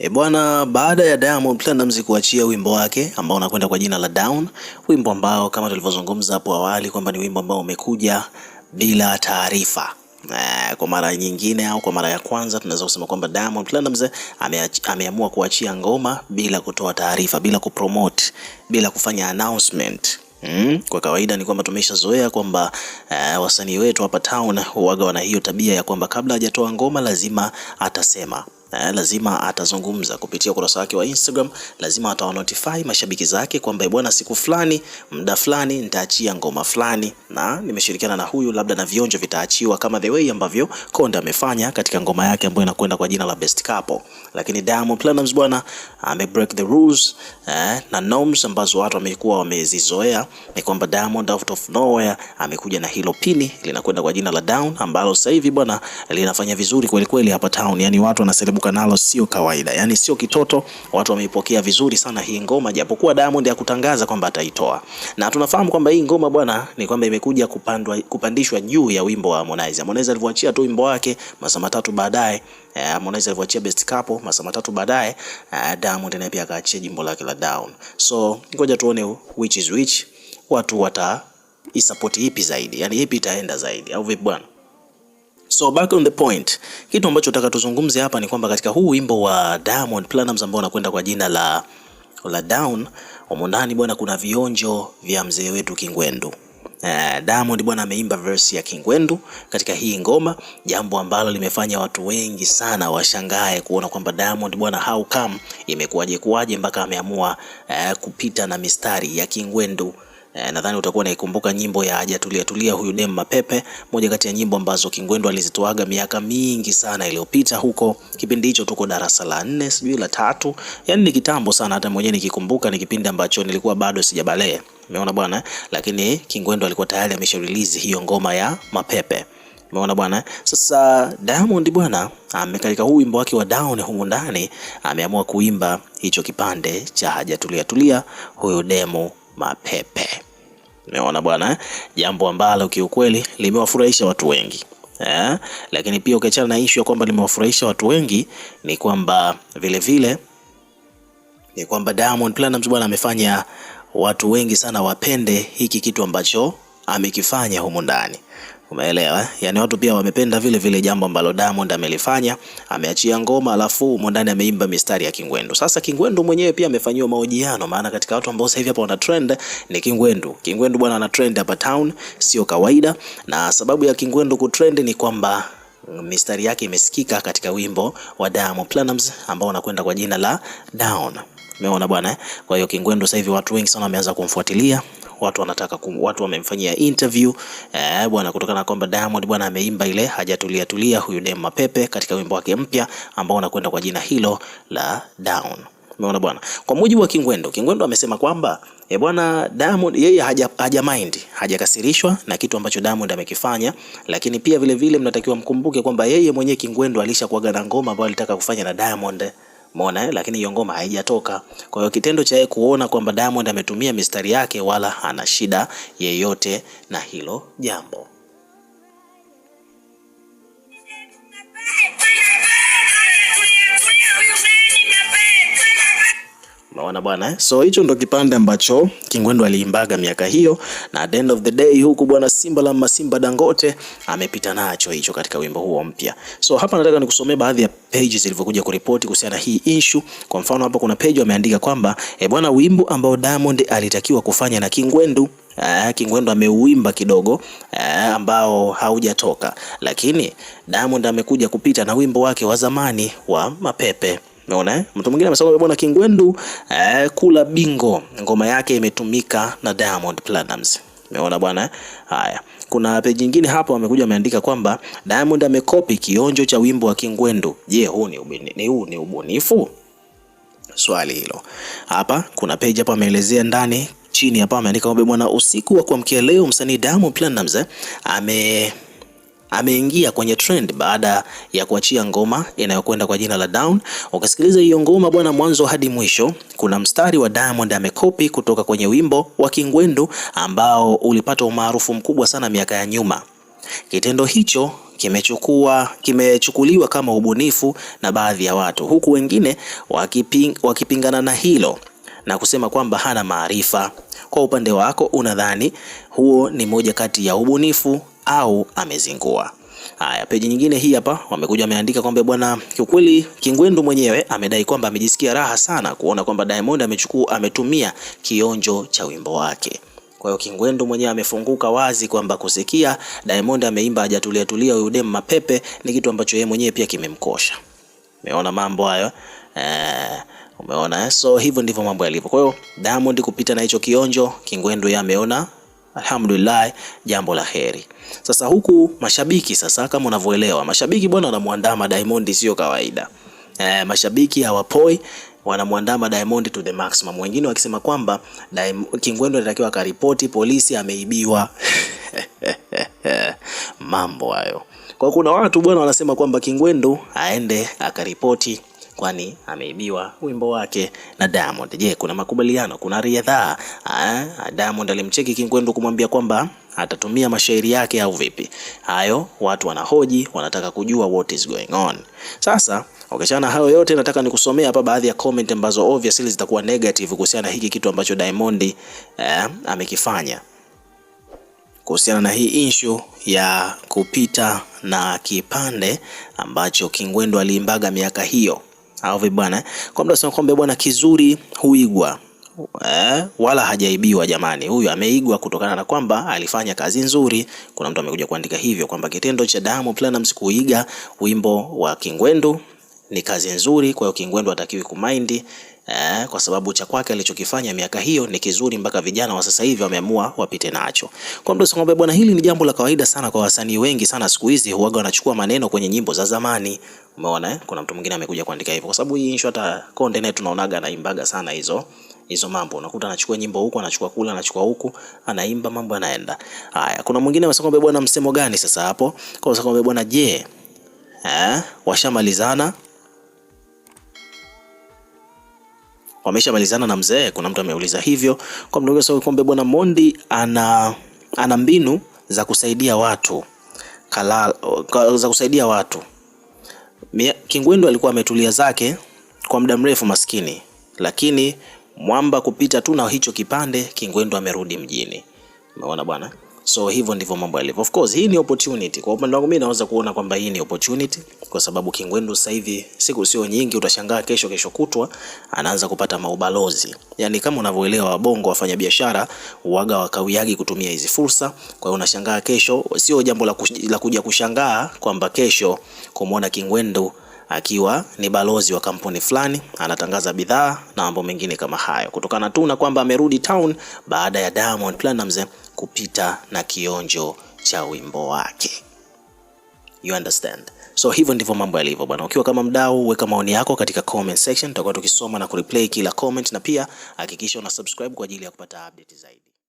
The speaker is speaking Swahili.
E bwana, baada ya Diamond Platinumz kuachia wimbo wake ambao unakwenda kwa jina la Down, wimbo ambao kama tulivyozungumza hapo awali kwamba ni wimbo ambao umekuja bila taarifa e, kwa mara nyingine au kwa mara ya kwanza tunaweza kusema kwamba Diamond Platinumz ameamua kuachia ngoma bila kutoa taarifa, bila kupromote, bila kufanya announcement. Mm, kwa kawaida ni kwamba tumeshazoea kwamba uh, wasanii wetu hapa town huaga wana hiyo tabia ya kwamba kabla hajatoa ngoma lazima atasema eh, lazima atazungumza kupitia ukurasa wake wa Instagram, lazima atawa notify mashabiki zake kwamba eh, bwana, siku fulani, muda fulani nitaachia ngoma fulani na nimeshirikiana na huyu, labda na vionjo vitaachiwa kama the way ambavyo Konde amefanya katika ngoma yake ambayo inakwenda kwa jina la Best Couple. Lakini Diamond Platnumz bwana ame break the rules eh, na norms ambazo watu wamekuwa wamezizoea ni kwamba Diamond out of nowhere amekuja na hilo pini linakwenda kwa jina la Down ambalo sasa hivi bwana linafanya vizuri kweli kweli hapa town, yani watu wana kuibuka nalo sio kawaida, yaani sio kitoto. Watu wameipokea vizuri sana hii ngoma, japokuwa Diamond ya kutangaza kwamba ataitoa, na tunafahamu kwamba hii ngoma bwana, ni kwamba imekuja kupandwa, kupandishwa juu ya wimbo wa Harmonize. Harmonize alivyoachia tu wimbo wake masaa matatu baadaye eh, Harmonize alivyoachia best couple masaa matatu baadaye, eh, Diamond naye pia akaachia jimbo lake la down. So ngoja tuone which is which, watu wata isapoti ipi zaidi, yani ipi itaenda zaidi, au vipi bwana? So back on the point, kitu ambacho nataka tuzungumze hapa ni kwamba katika huu wimbo wa Diamond Platnumz ambao unakwenda kwa jina la la Down, humo ndani bwana, kuna vionjo vya mzee wetu Kingwendu. Uh, Diamond bwana ameimba verse ya Kingwendu katika hii ngoma, jambo ambalo limefanya watu wengi sana washangae kuona kwamba Diamond bwana, how come imekuwaje kuwaje mpaka ameamua uh, kupita na mistari ya Kingwendu eh, nadhani utakuwa naikumbuka nyimbo ya hajatulia tulia huyu dem Mapepe, moja kati ya nyimbo ambazo Kingwendu alizitoaga miaka mingi sana iliyopita huko. Kipindi hicho tuko darasa la nne sijui la tatu, yani ni kitambo sana, hata mwenyewe nikikumbuka ni kipindi ambacho nilikuwa bado sijabalee, umeona bwana, lakini Kingwendu alikuwa tayari amesha release hiyo ngoma ya Mapepe. Umeona bwana, sasa Diamond bwana amekalika ah, huu wimbo wake wa down humu ndani, ameamua kuimba hicho kipande cha hajatulia tulia huyu demo mapepe. Umeona bwana, jambo ambalo kiukweli limewafurahisha watu wengi eh? Lakini pia ukiachana na issue ya kwamba limewafurahisha watu wengi, ni kwamba vilevile ni kwamba Diamond Platnumz bwana amefanya watu wengi sana wapende hiki kitu ambacho amekifanya humu ndani. Umeelewa? Eh? Yaani watu pia wamependa vile vile jambo ambalo Diamond amelifanya, ameachia ngoma alafu humo ndani ameimba mistari ya Kingwendu. Sasa Kingwendu mwenyewe pia amefanyiwa mahojiano, maana katika watu ambao sasa hivi hapa wana trend ni Kingwendu. Kingwendu bwana ana trend hapa town, sio kawaida, na sababu ya Kingwendu kutrend ni kwamba mm, mistari yake imesikika katika wimbo wa Diamond Platnumz ambao unakwenda kwa jina la Down. Umeona bwana eh? Kwa hiyo Kingwendu sasa hivi watu wengi sana wameanza kumfuatilia watu wanataka kum, watu wamemfanyia interview eh, bwana kutokana na kwamba Diamond bwana ameimba ile hajatulia tulia huyu dem Mapepe katika wimbo wake mpya ambao unakwenda kwa jina hilo la Down. Umeona bwana, kwa mujibu wa Kingwendu, Kingwendu amesema kwamba e bwana Diamond yeye haja, haja mind hajakasirishwa na kitu ambacho Diamond amekifanya, lakini pia vile vile mnatakiwa mkumbuke kwamba yeye mwenyewe Kingwendu alishakuaga na ngoma ambayo alitaka kufanya na Diamond. Umeona eh? Lakini hiyo ngoma haijatoka. Kwa hiyo kitendo cha yeye kuona kwamba Diamond ametumia mistari yake wala hana shida yeyote na hilo jambo. Unaona bwana eh? So hicho ndo kipande ambacho Kingwendu aliimbaga miaka hiyo, na at the end of the day huku bwana Simba la Masimba Dangote amepita nacho hicho katika wimbo huo mpya. So hapa nataka nikusomee baadhi ya pages zilivyokuja kuripoti kuhusiana na hii issue. Kwa mfano hapa kuna page wameandika kwamba e, bwana wimbo ambao Diamond alitakiwa kufanya na Kingwendu Uh, Kingwendu ameuimba kidogo uh, ambao haujatoka, lakini Diamond amekuja kupita na wimbo wake wa zamani wa Mapepe. Unaona eh? Mtu mwingine amesema bwana Kingwendu eh, kula bingo, ngoma yake imetumika na Diamond Platnumz. Umeona bwana eh? haya. Kuna page nyingine hapo amekuja ameandika kwamba Diamond amekopi kionjo cha wimbo wa Kingwendu. Je, huu ni ubunifu? Huu ni ubunifu? Swali hilo. Hapa kuna page hapo ameelezea ndani chini hapa ameandika kwamba bwana, usiku wa kuamkia leo msanii Diamond Platnumz eh, ame ameingia kwenye trend baada ya kuachia ngoma inayokwenda kwa jina la Down. Ukasikiliza hiyo ngoma bwana, mwanzo hadi mwisho, kuna mstari wa Diamond amekopi kutoka kwenye wimbo wa Kingwendu ambao ulipata umaarufu mkubwa sana miaka ya nyuma. Kitendo hicho kimechukua kimechukuliwa kama ubunifu na baadhi ya watu, huku wengine wakiping, wakipingana na hilo na kusema kwamba hana maarifa. Kwa upande wako, unadhani huo ni moja kati ya ubunifu au amezingua. Haya, peji nyingine hii hapa wamekuja wameandika kwamba bwana, kiukweli Kingwendu mwenyewe amedai kwamba amejisikia raha sana kuona kwamba Diamond amechukua ametumia kionjo cha wimbo wake. Kwa hiyo Kingwendu mwenyewe amefunguka wazi kwamba kusikia Diamond ameimba hajatulia tulia huyu dem mapepe ni kitu ambacho yeye mwenyewe pia kimemkosha. Umeona mambo hayo? Eh, umeona so hivyo ndivyo mambo yalivyo. Kwa hiyo Diamond kupita na hicho kionjo, Kingwendu yeye ameona alhamdulillah, jambo la heri. Sasa huku mashabiki sasa, kama unavyoelewa, mashabiki bwana wanamwandama Diamond, sio kawaida e, mashabiki hawapoi wanamwandama Diamond to the maximum, wengine wakisema kwamba Kingwendu anatakiwa akaripoti polisi ameibiwa. mambo hayo kwa kuna watu bwana wanasema kwamba Kingwendu aende akaripoti kwani ameibiwa wimbo wake na Diamond. Je, kuna makubaliano? Kuna ridhaa? Ah, Diamond alimcheki Kingwendu kumwambia kwamba atatumia mashairi yake au vipi? Hayo watu wanahoji, wanataka kujua what is going on. Sasa ukishana okay, hayo yote nataka nikusomea hapa baadhi ya comment ambazo obviously zitakuwa negative kuhusiana na hiki kitu ambacho Diamond eh, amekifanya kuhusiana na hii issue ya kupita na kipande ambacho Kingwendu aliimbaga miaka hiyo au vipi bwana? Kwa mtu asema kwamba bwana kizuri huigwa eh, wala hajaibiwa jamani, huyu ameigwa kutokana na kwamba alifanya kazi nzuri. Kuna mtu amekuja kuandika hivyo kwamba kitendo cha Diamond Platnumz kuiga wimbo wa Kingwendu ni kazi nzuri, kwa hiyo Kingwendu hatakiwi kumaindi eh, kwa sababu cha kwake alichokifanya miaka hiyo ni kizuri mpaka vijana wa sasa hivi wameamua wapite nacho. Kwa mdosi ng'ombe bwana, hili ni jambo la kawaida sana kwa wasanii wengi sana siku hizi, huaga wanachukua maneno kwenye nyimbo za zamani. Umeona eh? Kuna mtu mwingine amekuja kuandika hivyo, kwa sababu hii issue hata Konde naye tunaonaga anaimbaga sana hizo hizo mambo, unakuta anachukua nyimbo huku anachukua kula anachukua huku anaimba mambo yanaenda haya. Kuna mwingine kwamba bwana, msemo gani sasa hapo kwa sababu bwana? Je, eh washamalizana wameshamalizana na mzee? Kuna mtu ameuliza hivyo. Kwa mdogo sio kombe, bwana Mondi ana ana mbinu za kusaidia watu Kalala, za kusaidia watu. Kingwendu alikuwa ametulia zake kwa muda mrefu maskini, lakini mwamba kupita tu na hicho kipande, Kingwendu amerudi mjini. Umeona bwana. So hivyo ndivyo mambo yalivyo. Of course hii ni opportunity. Kwa upande wangu mimi naweza kuona kwamba hii ni opportunity kwa sababu Kingwendu sasa hivi siku sio nyingi, utashangaa kesho kesho kutwa anaanza kupata maubalozi. Yaani kama unavyoelewa wabongo wafanya biashara uwaga wakawiagi kutumia hizi fursa. Kwa hiyo unashangaa kesho, sio jambo la kuja kushangaa kwamba kesho kumuona Kingwendu akiwa ni balozi wa kampuni fulani anatangaza bidhaa na mambo mengine kama hayo, kutokana tu na kwamba amerudi town baada ya Diamond Platinumz kupita na kionjo cha wimbo wake. You understand? So hivyo ndivyo mambo yalivyo bwana. Ukiwa kama mdau, weka maoni yako katika comment section, tutakuwa tukisoma na kureplay kila comment, na pia hakikisha una subscribe kwa ajili ya kupata update zaidi.